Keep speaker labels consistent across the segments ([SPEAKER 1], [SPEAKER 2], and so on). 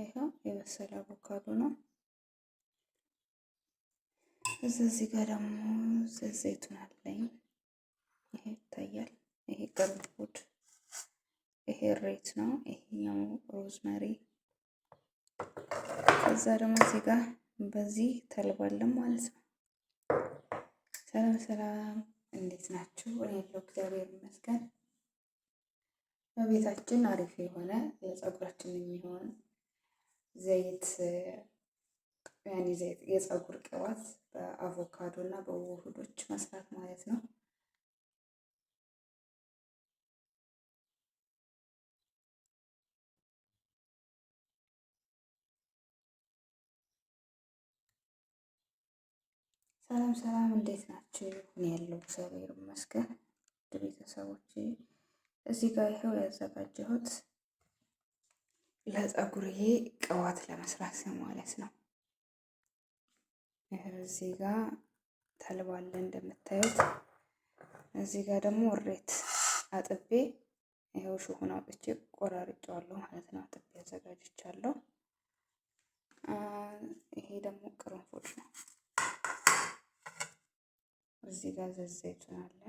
[SPEAKER 1] ይሄው የበሰለ አቮካዶ ነው። እዚህ ጋር ደግሞ ዘይቱን አለኝ። ይሄ ይታያል። ይሄ ቅርንፉድ፣ ይሄ ሬት ነው። ይሄኛው ሮዝመሪ። ከዛ ደግሞ እዚህ ጋር በዚህ ተልባለን ማለት ነው። ሰላም ሰላም፣ እንዴት ናችሁ? እኔ ያለው እግዚአብሔር ይመስገን። በቤታችን አሪፍ የሆነ ለፀጉራችን የሚሆን ዘይት ያኔ ዘይት የፀጉር ቅባት በአቮካዶ እና በውህዶች መስራት ማለት ነው። ሰላም ሰላም፣ እንዴት ናቸው? ይሁን ያለው እግዚአብሔር ይመስገን ቤተሰቦች፣ እዚህ ጋር ይኸው ያዘጋጀሁት ለፀጉርዬ ቅባት ለመስራት ማለት ነው። እዚህ ጋ ተልባለ እንደምታዩት። እዚህ ጋ ደግሞ እሬት አጥቤ ይኸው ሹሁን አውጥቼ ቆራርጫዋለሁ ማለት ነው። አጥቤ አዘጋጅቻለሁ። ይሄ ደግሞ ቅርንፉድ ነው። እዚህ ጋ ዘዘይቱን አለ።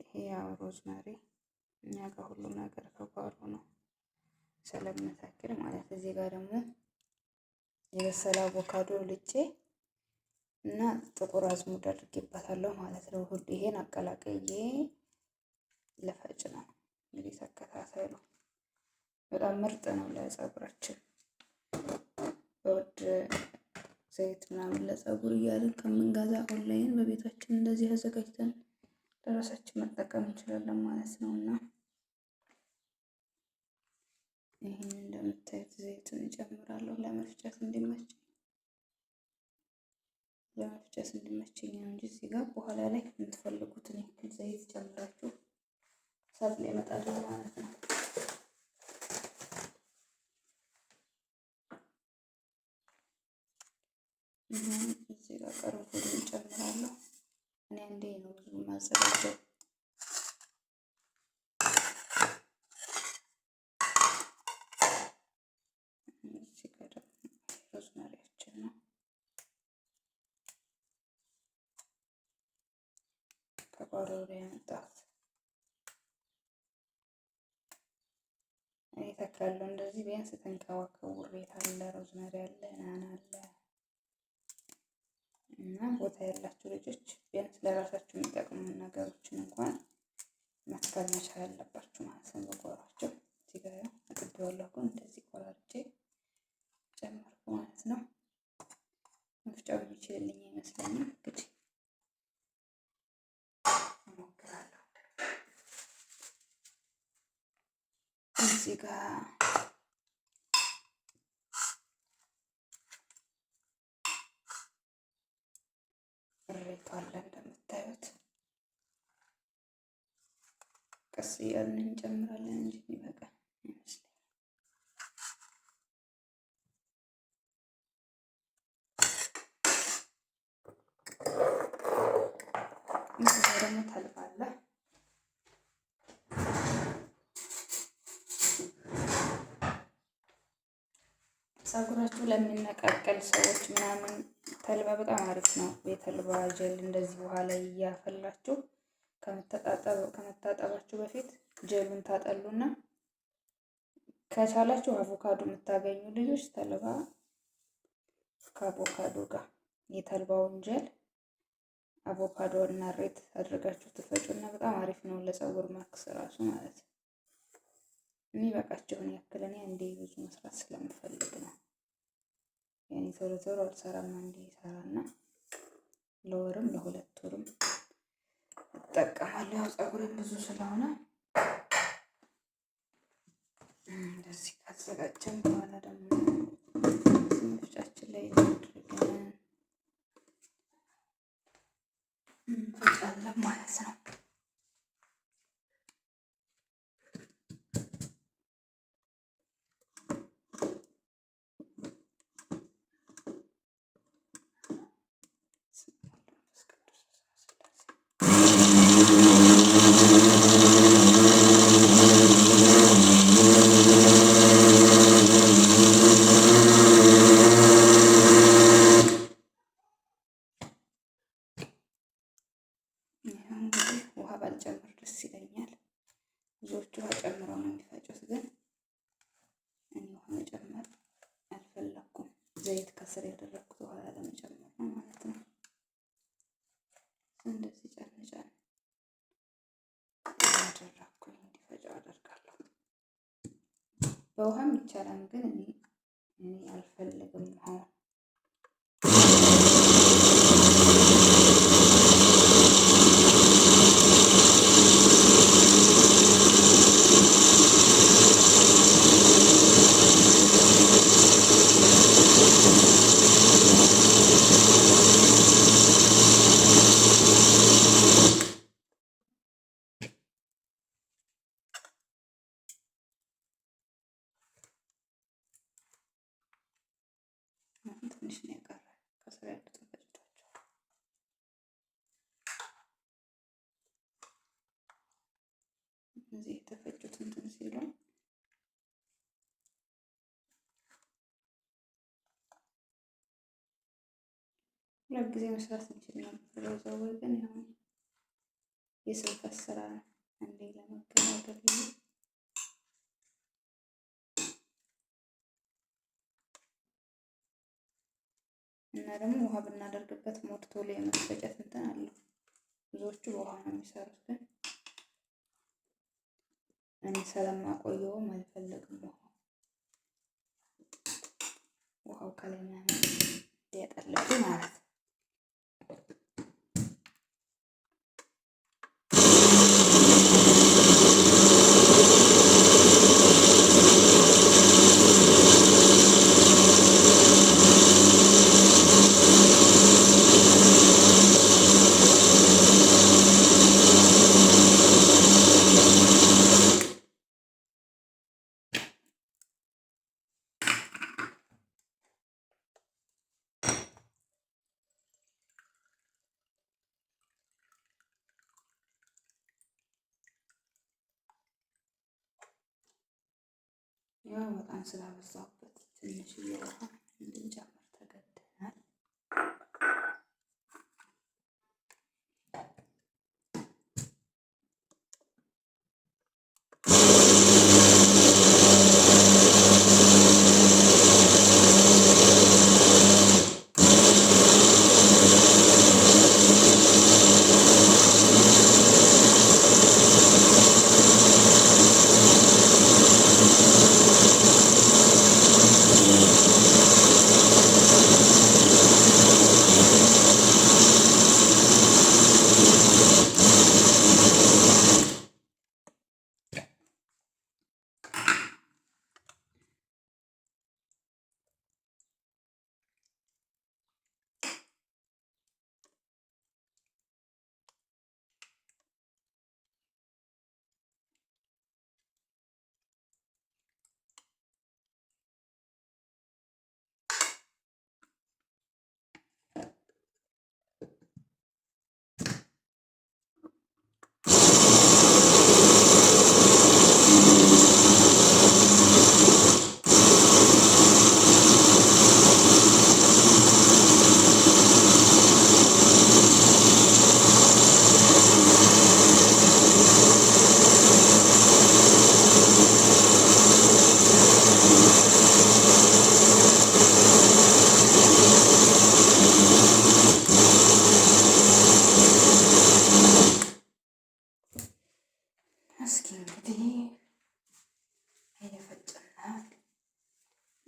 [SPEAKER 1] ይሄ ያው ሮዝመሪ እኛ ጋር ሁሉም ነገር ከጓሮ ነው። ስለምታክል ማለት እዚህ ጋር ደግሞ የበሰለ አቮካዶ ልጬ እና ጥቁር አዝሙድ አድርጌባታለሁ ማለት ነው። ሁሉ ይሄን አቀላቀዬ ልፈጭ ነው እንግዲህ ተከታታይ ነው። በጣም ምርጥ ነው ለፀጉራችን። በውድ ዘይት ምናምን ለፀጉር እያልን ከምንገዛ ኦንላይን በቤታችን እንደዚህ አዘጋጅተን ለራሳችን መጠቀም እንችላለን ማለት ነው እና ይህን እንደምታዩት ዘይቱን እጨምራለሁ ለመፍጨት እንዲመቸኝ ለመፍጨት እንዲመቸኝ ነው እንጂ እዚህ ጋር በኋላ ላይ የምትፈልጉትን ያክል ዘይት ጨምራችሁ ሰብል ይመጣል ማለት ነው። እዚህ ጋር ቀረፉ ጨምራለሁ። እኔ እንዴ ነው ብዙ ማዘጋጀው ቆረሮ ያመጣት እኔ ተካለሁ። እንደዚህ ቢያንስ ተንከባከቡ። ሬት አለ፣ ሮዝመሪ አለ፣ ናና አለ እና ቦታ ያላችሁ ልጆች ቢያንስ ለራሳችሁ የሚጠቅሙ ነገሮችን እንኳን መትከል መቻል አለባችሁ ማለት ነው። በጓሯቸው እዚህ ጋር ግን እንደዚህ ቆራርጬ ጨመርኩ ማለት ነው። መፍጫው የሚችልልኝ አይመስለኝም። እያልን እንጨምራለን እንጂ ይበቃል ይመስለኛል። ደግሞ ተልባ አለ። ለሚነቃቀል ሰዎች ምናምን ተልባ በጣም አሪፍ ነው። የተልባ ጀል እንደዚህ ውሃ ላይ እያፈላችሁ ከመታጠባችሁ በፊት ጀሉን ታጠሉና ከቻላችሁ አቮካዶ የምታገኙ ልጆች ተልባ ከአቮካዶ ጋር የተልባውን ጀል አቮካዶ እና ሬት አድርጋችሁ ትፈጩና በጣም አሪፍ ነው ለፀጉር ማክስ ራሱ ማለት ነው። የሚበቃችሁን ያክል እኔ አንዴ ብዙ መስራት ስለምፈልግ ነው። ቶሎ ቶሎ አልሰራም። አንዴ ይሰራና ለወርም ለሁለት ወርም እጠቀማለሁ። ያው ፀጉሬን ብዙ ስለሆነ እንደዚህ ካዘጋጀን በኋላ ደግሞ መፍጫችን ላይ አድርገን እንፈጫለን ማለት ነው። እያደረኩኝ እንዲፈጨው አደርጋለሁ። በውሃም ይቻላል፣ ግን እኔ አልፈልግም ትንሽ ነው የቀረ። ከስር ያሉትን ፈጭቷቸዋል። እነዚህ የተፈጩት እንትን ሲሉ ሁለት ጊዜ መስራት እንችል ነበር። በዛው ግን ያው የስልክ አሰራር አንዴ ለመገናገል እና ደግሞ ውሃ ብናደርግበት ሞድ ቶሎ የመፈጨት እንትን አለው። ብዙዎቹ በውሃ ነው የሚሰሩት፣ ግን እኔ ስለማቆየውም አልፈለግም። ውሃ ውሃው ከላይ ምናምን ማለት ነው። 因为我当时还不知道，本，真的是有好一等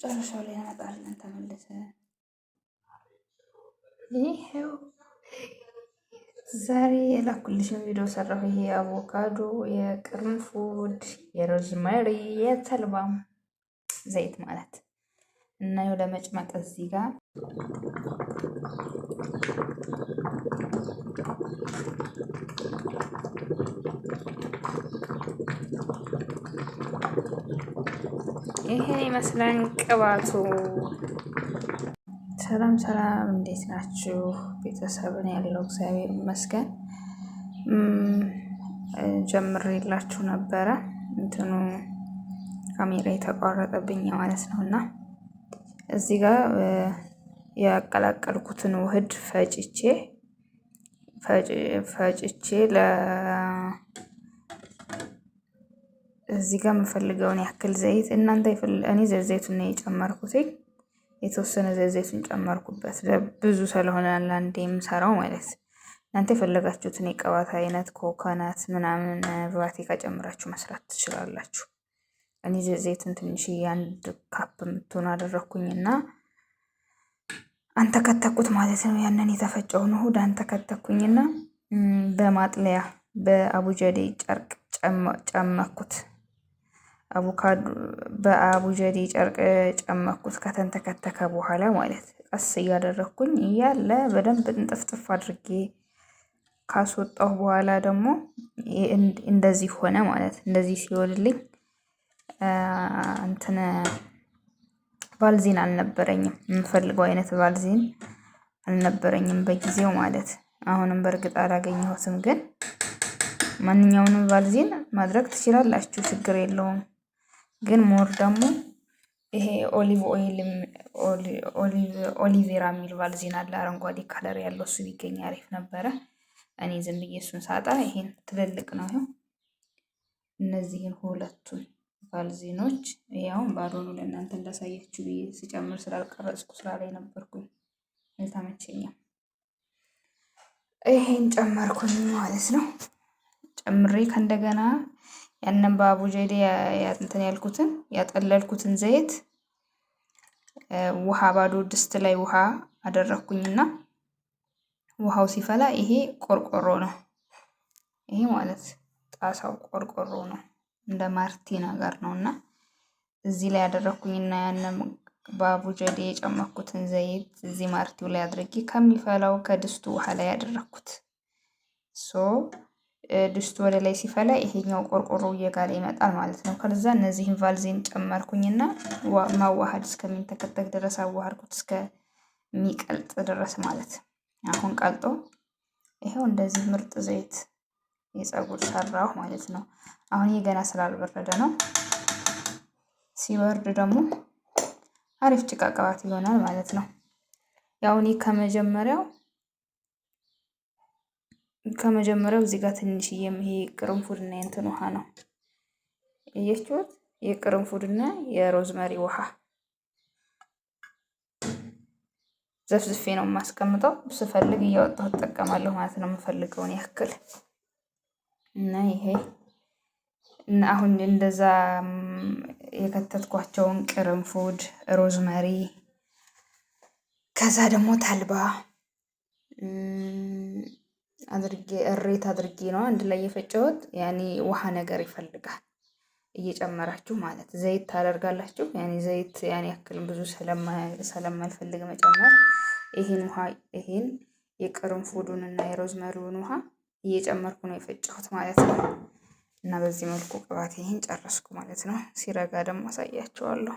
[SPEAKER 1] ጨረሻው ላይ ያመጣልን ተመለሰ። ይሄው ዛሬ የላኩልሽን ቪዲዮ ሰራሁ። ይሄ የአቮካዶ፣ የቅርንፉድ፣ የሮዝመሪ፣ የተልባ ዘይት ማለት እና ይኸው ለመጭመቅ እዚህ ጋር ይሄ ይመስለን ቅባቱ። ሰላም ሰላም፣ እንዴት ናችሁ ቤተሰብን? ያለው እግዚአብሔር ይመስገን ጀምሬላችሁ ነበረ እንትኑ ካሜራ የተቋረጠብኝ ማለት ነው። እና እዚህ ጋር ያቀላቀልኩትን ውህድ ፈጭቼ ፈጭቼ እዚህ ጋር የምፈልገውን ያክል ዘይት እናንተ እኔ ዘይቱን ነው የጨመርኩት። የተወሰነ ዘይቱን ጨመርኩበት ብዙ ስለሆነ አንድ የምሰራው ማለት እናንተ የፈለጋችሁትን የቅባት አይነት ኮኮናት ምናምን ቫቲካ ጨምራችሁ መስራት ትችላላችሁ። እኔ ዘይቱን ትንሽ የአንድ ካፕ የምትሆን አደረግኩኝና አንተ ከተኩት ማለት ነው። ያንን የተፈጨውን እሑድ አንተ ከተኩኝና በማጥለያ በአቡጀዴ ጨርቅ ጨመኩት። አቮካዶ በአቡጀዴ ጨርቅ ጨመኩት። ከተንተከተከ በኋላ ማለት ቀስ እያደረግኩኝ እያለ በደንብ እንጥፍጥፍ አድርጌ ካስወጣሁ በኋላ ደግሞ እንደዚህ ሆነ ማለት እንደዚህ ሲሆንልኝ እንትን ቫልዚን አልነበረኝም። የምፈልገው አይነት ቫልዚን አልነበረኝም በጊዜው ማለት አሁንም በእርግጥ አላገኘሁትም። ግን ማንኛውንም ቫልዚን ማድረግ ትችላላችሁ፣ ችግር የለውም። ግን ሞር ደግሞ ይሄ ኦሊቭ ኦይልም ኦሊቬራ የሚል ዜና አለ። አረንጓዴ ከለር ያለው እሱ ቢገኝ አሪፍ ነበረ። እኔ ዝም ብዬ እሱን ሳጣ ይሄን ትልልቅ ነው። ይኸው እነዚህን ሁለቱን ቫልዚኖች ያውን ባዶ ነው ለእናንተ እንዳሳያችሁ ብዬ ስጨምር ስላልቀረጽኩ ስራ ላይ ነበርኩኝ አልተመቸኝም። ይሄን ጨመርኩኝ ማለት ነው። ጨምሬ ከእንደገና ያንን በአቡጀዴ እንትን ያልኩትን ያጠለልኩትን ዘይት ውሃ ባዶ ድስት ላይ ውሃ አደረኩኝና ውሃው ሲፈላ ይሄ ቆርቆሮ ነው። ይሄ ማለት ጣሳው ቆርቆሮ ነው፣ እንደ ማርቲ ነገር ነው። እና እዚህ ላይ ያደረኩኝና ያንን በአቡጀዴ የጨመኩትን ዘይት እዚህ ማርቲው ላይ አድርጌ ከሚፈላው ከድስቱ ውሃ ላይ ያደረኩት ሶ ድስቱ ወደ ላይ ሲፈላ ይሄኛው ቆርቆሮ እየጋለ ይመጣል ማለት ነው። ከዛ እነዚህን ቫልዜን ጨመርኩኝና ማዋሃድ እስከሚንተከተክ ድረስ አዋሃድኩት እስከሚቀልጥ ድረስ ማለት አሁን ቀልጦ ይሄው እንደዚህ ምርጥ ዘይት የፀጉር ሰራሁ ማለት ነው። አሁን ይሄ ገና ስላልበረደ ነው። ሲበርድ ደግሞ አሪፍ ጭቃ ቅባት ይሆናል ማለት ነው። ያው እኔ ከመጀመሪያው ከመጀመሪያው እዚህ ጋር ትንሽዬ ይሄ እና የእንትን ውሃ ነው እየችሁት፣ እና የሮዝመሪ ውሃ ዘፍዝፌ ነው የማስቀምጠው። ስፈልግ እያወጣሁ እጠቀማለሁ ማለት ነው የምፈልገውን ያክል እና ይሄ እና አሁን እንደዛ የከተትኳቸውን ቅርንፉድ፣ ሮዝመሪ ከዛ ደግሞ ተልባ አድርጌ እሬት አድርጌ ነው አንድ ላይ የፈጨሁት። ያኔ ውሃ ነገር ይፈልጋል እየጨመራችሁ ማለት ዘይት ታደርጋላችሁ። ያኔ ዘይት ያኔ ያክልም ብዙ ስለማልፈልግ መጨመር ይሄን ውሃ ይሄን የቅርንፉዱን እና የሮዝመሪውን ውሃ እየጨመርኩ ነው የፈጨሁት ማለት ነው። እና በዚህ መልኩ ቅባት ይሄን ጨረስኩ ማለት ነው። ሲረጋ ደግሞ አሳያችኋለሁ።